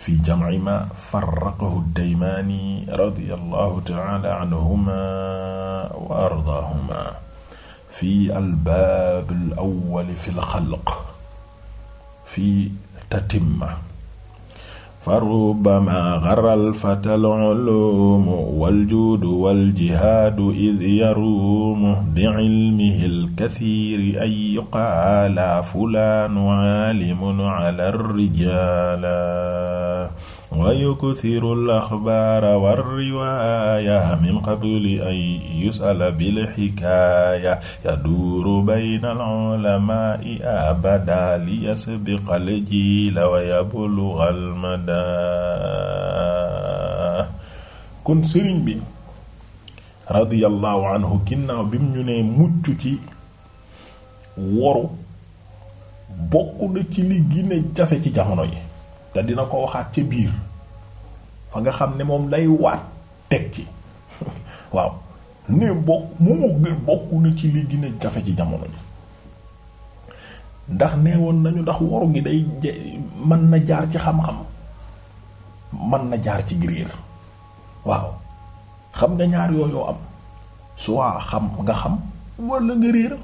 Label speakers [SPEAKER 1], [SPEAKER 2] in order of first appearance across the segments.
[SPEAKER 1] fi jam'i ma farraqahu ad-Daymaani radiyallahu ta'ala anhumaa wa ardaahumaa fi al-baab al-awwal fi al-xalq fi tatimma fa rubbama xaral fatal uluumu waljuudu waljihaadu id yaruumu bi ilmihi lkasiiri an yuqaala fulaanu aalimun ala rijaala wa yuktiru al-axbaara war-riwaaya min qabli an yus'ala bil-xikaaya yaduuru bayna al-ulamaa'i abadan liyasbiqa al-jiila wa yablugha al-madaa kon sëriñ bi radiyallahu anhu ginnaaw bi mu ñu nee mucc ci woru bokk na ci li gën a jafe ci jamono yi te dina ko waxaat ca biir fa nga xam ne moom day waat teg ci waaw ne bokk mu mu gën bokk na ci li gën a jafe ci jamono ji ndax nee woon nañu ndax waru gi day mën na jaar ci xam-xam mën na jaar ci griir waaw xam nga ñaar yooyu am soit xam nga xam walla nga réer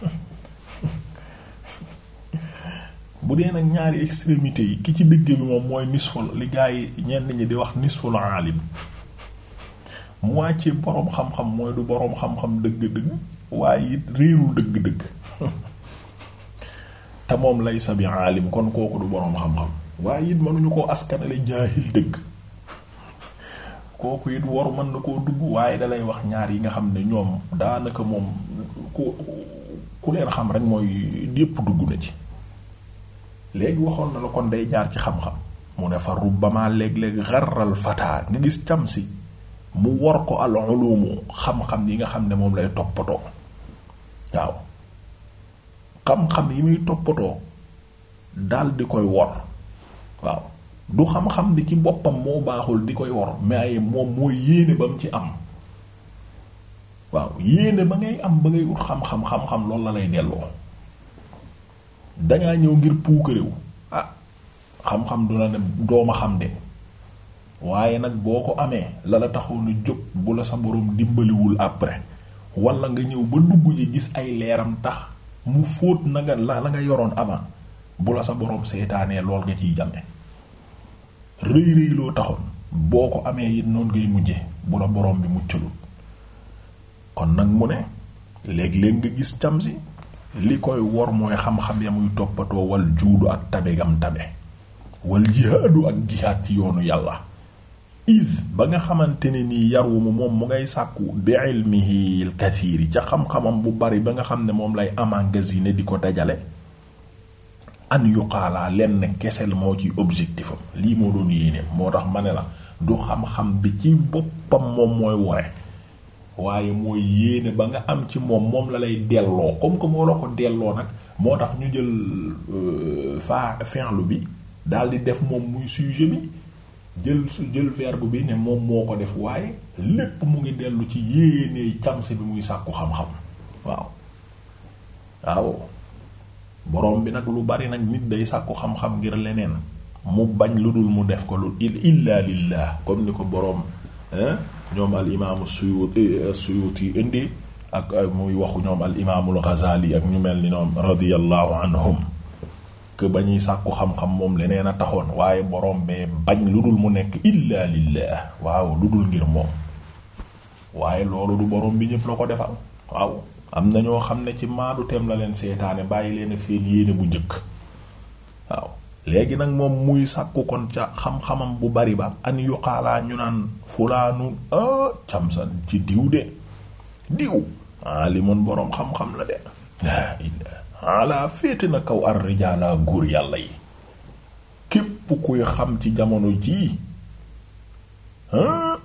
[SPEAKER 1] bu dee nag ñaari extrémité yi ki ci digg bi moom mooy nisful li gaa yi ñenn ñi di wax nisful aalim moitié boroom xam-xam mooy du boroom xam-xam dëgg-dëgg waaye it réerul dëgg moom lay sa bi kon kooku du boroom xam waaye it mënuñu koo askanale jaahil dëgg kooku it waru mën na koo dugg waaye dalay wax ñaar yi nga xam ne ñoom daanaka moom ku ku leen xam rek mooy yépp dugg na ci léegi waxoon na la kon day jaar ci xam-xam mu ne fa rubbama léeg-léeg xarral fataa nga gis tamsi mu wor ko al ulumu xam-xam yi nga xam ne moom lay toppatoo waaw xam-xam yi muy toppatoo dal di koy wor waaw du xam-xam bi ci boppam moo baaxul di koy wor mais moom mooy yéene ba mu ci am waaw yéene ba ngay am ba ngay ut xam-xam xam-xam loolu la lay delloo dangaa ñëw ngir puukarewu ah xam-xam du la ne dooma xam de waaye nag boo ko amee la la taxoon jóg bu la sa boroom dimbaliwul après walla nga ñëw ba dugg ji gis ay leeram tax mu fóot na nga la la nga yoroon ama bu la sa boroom seetaanee lool nga ciy jame rëy rëy loo taxoon boo ko amee it noonu ngay mujje bu la boroom bi muccalut kon nag mu ne léegi léeg nga gis cam si li koy wor mooy xam-xam ya muy toppatoo wal juudu ak tabe gam tabe wal jihaadu ak jihaad ci yoonu yàlla iz ba nga xamante ne nii yarumu moom mu ngay sàkku bi ilmihi al kathiri ca xam-xamam bu bari ba nga xam ne moom lay amagasine di ko dajale an yuqaalaa lenn kesel moo ci objectifam lii moo doon yéene moo tax ma ne la du xam-xam bi ci boppam moom mooy wore waaye mooy yéene ba nga am ci moom moom la lay delloo comme que moo la ko delloo nag moo tax ñu jël euh, fa fi'lu bi daal di def moom muy sujet bi jël su jël verbe bi ne moom moo ko def waaye lépp mu ngi dellu ci yéene cams bi muy sàkku xam-xam waaw waaw borom bi nag lu bari nag nit day sàkku xam-xam ngir leneen mu bañ lu dul mu def ko lu illaa lillah comme ni ko borom hein ñoom al imaamu suyuti eh, suyuti indi ak eh, muy waxu ñoom al imaamul Ghazali ak ñu mel ni ñoom radiyallahu anhum que ba ñuy sàkku xam-xam moom leneen a taxoon waaye borom bee bañ lu dul mu nekk illa lillah waaw lu dul ngir moom waaye loolu du borom bi ñëpp la ko defal waaw am na ñoo xam ne ci maadu teem la leen seetaane bàyyi leen ak seen yéene bu njëkk léegi nag moom muy sàkku kon ca xam-xamam bu bari ba an yuqaalaa ñu naan fulaanu ah ci diw de diw limon li boroom xam-xam la de laa féete na kaw ar rijaalaa góor yàlla yi képp kuy xam ci jamono jii ah,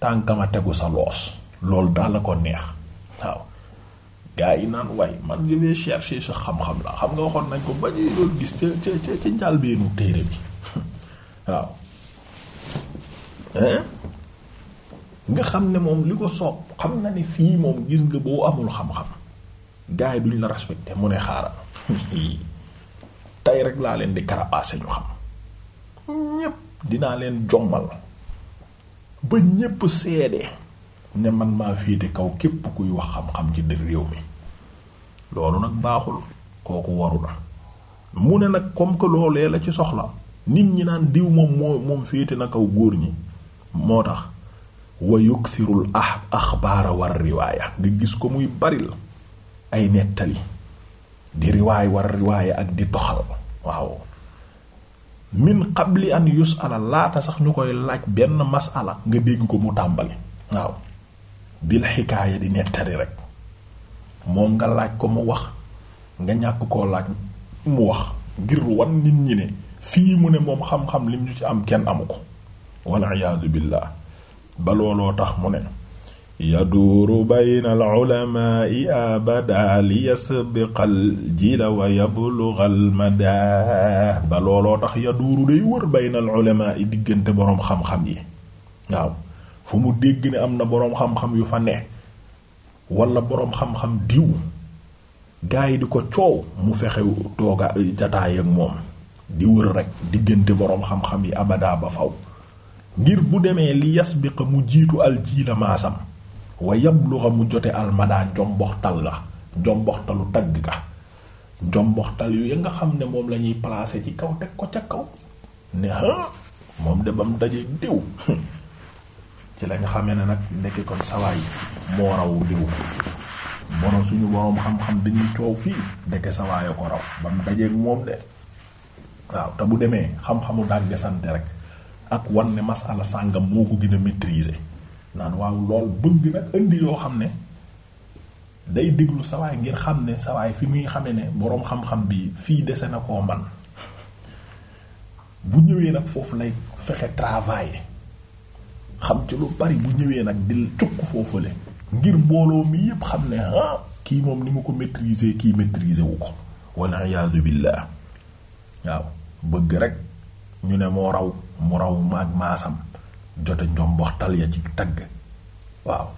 [SPEAKER 1] tànkama tegu sa loos loolu daal la ko neex waaw gars yi naan way man je vais chercher sa xam-xam la xam nga waxoon nañ ko ba ñuy doon gis ca ca ca ca njàlbeenu téere bi waaw nga xam ne moom li ko soob xam na ni fii moom gis nga boo amul xam-xam gars yi duñ la respecté mu ne xaaral tey rek laa leen di karapaase ñu xam ñépp dinaa leen jommal ba ñépp seede ne man maa féete kaw képp kuy wax xam-xam ci dëkk réew mi loolu nag baaxul kooku waru na mu ne nag comme que loolee la ci soxla nit ñi naan diw moom moo moom féete na kaw góor ñi moo tax wa yuksirul ah axbaara war riwaaya nga gis ko muy baril ay nettali di riwaay war riwaaya ak di toxal waaw min qabli an yusala laata sax ñu koy laaj benn masala nga dégg ko mu tàmbali waaw bil xikaaya di nettali rek moom nga laaj ko mu wax nga ñàkk koo laaj mu wax ngir wan nit ñi ne fii mu ne moom xam-xam lim ñu ci am kenn amu ko walla iyaadu billaah ba looloo tax mu ne yaduuru bayna al ulamaai abada li yasbiqal jila wa yablugal mada ba looloo tax yaduuru day wër bayna al diggante boroom xam-xam yi waaw fu mu dégg ne am na boroom xam-xam yu fa ne wala boroom xam-xam diw gaa yi di ko coow mu fexe tooga jataay ak moom di wër rek diggante boroom xam-xam yi abada ba faw ngir bu demee li yasbiqa mu jiitu aljiila maasam wa yabluxa mu jote almadaa njomboxtal la njomboxtalu tagg ka njomboxtal yu nga xam ne moom la ñuy placer ci kaw teg ko ca kaw ne ha moom de bam daje diw ci lañ xamee ne nag nekk kon sawaay moo raw diw borom suñu borom xam-xam dañuy coow fii ndeke sawaay ko raw ba mu dajeeg moom de waaw te bu demee xam-xamu daag desante rek ak wan ne masala sàngam moo ko gën a maîtriser naan waaw lool bëgg nag indi yoo xam ne day déglu sawaay ngir xam ne sawaay fi muy xame ne boroom xam-xam bi fii dese na koo man bu ñëwee nag foofu lay fexe travailler xam ci lu bari bu ñëwee nag di cukk foofale ngir mbooloo mi yépp xam ne ah kii moom ni mu ko maîtriser kii maîtriser wu ko walla iyaadu billaah waaw bëgg rek ñu ne moo raw mu raw maag maasam jote njomboxtal ya ci tagg waaw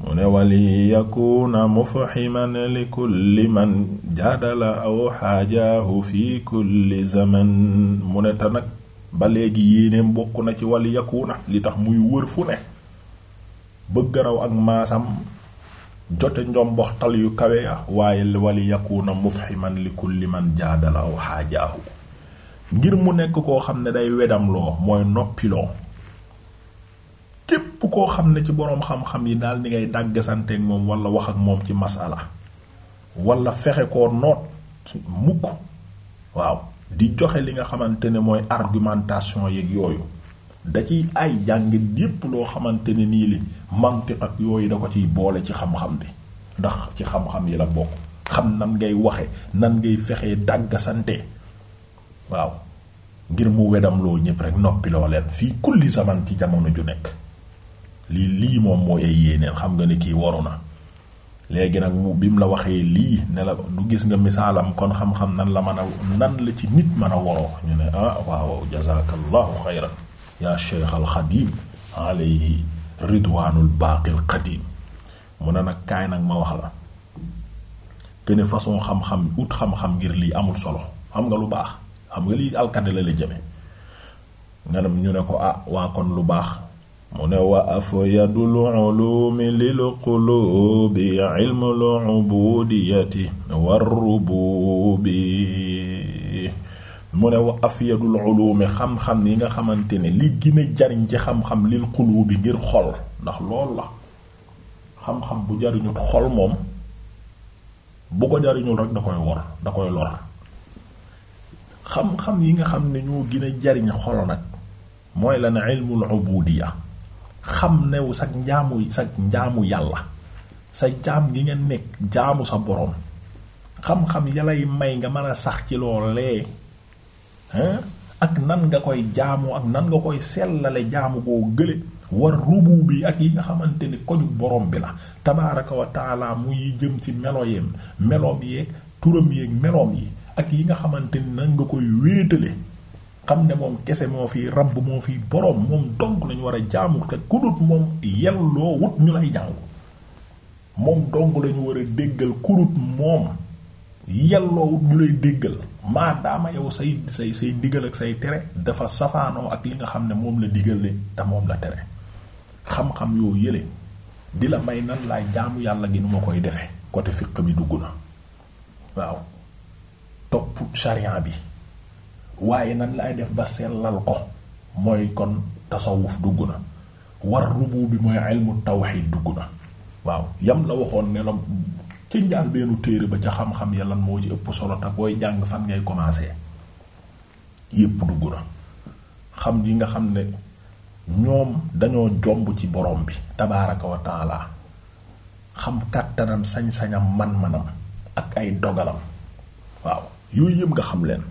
[SPEAKER 1] mu ne wali yakuna mufhiman li kulli man jaadala aw xaajaahu fi kulli zaman mu ne ta ba léegi yéeneem bokk na ci wàllu yàqu na li tax muy wër fu ne bëgg raw ak maasam jote njomboxtal yu kawe ya waaye wali yakuna mufhiman li kulli man jaadala aw xaajaahu ngir mu nekk koo xam ne day loo mooy noppiloo képp koo xam ne ci boroom xam-xam yi daal di ngay dàggasanteek moom wala wax ak moom ci masala wala fexe koo noot mukk waaw di joxe li nga xamante ne mooy argumentation yeeg yooyu da ciy ay jàngit yépp loo xamante ne nii li mantiq ak yooyu da ko ciy boole ci xam-xam bi ndax ci xam-xam yi la bokk xam nan ngay waxe nan ngay fexe dàggasante waaw ngir mu wedam loo ñépp rek noppi loo fii kulli saman ci jamono ju nekk lii lii moom mooy yéeneen xam nga ne kii waru na léegi nag mu bi mu la waxee lii ne la du gis nga misaalam kon xam-xam nan la mën a nan la ci nit mën a woroo ñu ne ah waaw jazakallahu xayran ya cheikh al xadim alayhi ridwanul baaqil mu ne nag kaay nag ma wax la kene façon xam-xam ut xam-xam ngir lii amul solo xam nga lu baax xam nga lii alkane la la jëme nga ñu ne ko ah waa kon lu baax mu ne wa afyadul ulumi lil qulubi ilmul ubudiyati war rububi mu ne wa afyadul ulumi xam-xam yi nga xamante ne li gën a jariñ ci xam-xam lil qulubi ngir xol ndax lool la xam-xam bu jariñul xol moom bu ko jariñul rek da koy wor da koy lor xam-xam yi nga xam ne ñoo gën a jariñ xol nag mooy lan ilmul ubudiya xam new sa njaamu sa njaamu yàlla sa jaam gi nga nekk jaamu sa boroom xam-xam yalay may nga mën a sax ci loolee ak nan nga koy jaamu ak nan nga koy sellale jaamu koo gële war rubu bi ak yi nga xamante ni koju boroom bi la tabaaraka wa muy jëm ci melo yeem meloom yeeg turam yeeg meloom yi ak yi nga xamante ni nan nga koy wéetale xam ne moom kese moo fi rabb moo fi boroom moom donk lañu war a jaamu te kudut moom yelloo wut ñu lay jàng moom dong lañu war a déggal kudut moom yelloo wut ñu lay déggal maadaama yow say say say ndigal ak say tere dafa safaanoo ak li nga xam ne moom la digale te moom la tere xam-xam yoo yële di la may nan laa jaamu yàlla gi nu ma koy defee côté fiq bi dugg na waaw topp sharia bi waaye nan laay def ba sellal ko mooy kon tasawuf dugg na war rubu bi mooy ilmu tawxid dugg na waaw yam la waxoon ne la ci njaal bennu téere ba ca xam-xam ya lan moo ci ëpp solo te booy jàng fan ngay commencer yépp dugg na xam yi nga xam ne ñoom dañoo jomb ci borom bi tabaaraka wa taala xam kàttanam sañ-sañam man-manam ak ay dogalam waaw yooyu yëpp nga xam leen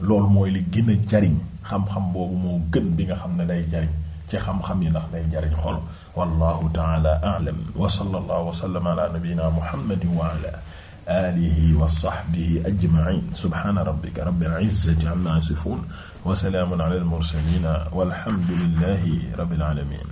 [SPEAKER 1] loolu mooy li gën a jariñ xam-xam boobu moo gën bi nga xam ne day jariñ ci xam-xam yi ndax day jariñ xol wallahu taala a'lam wa sallallahu wa sallama ala nabiyyina muhammadin wa ala alihi wa sahbihi ajma'in subhana rabbika rabbil izzati amma yasifun wa salamun ala al mursalin walhamdulillahi rabbil alamin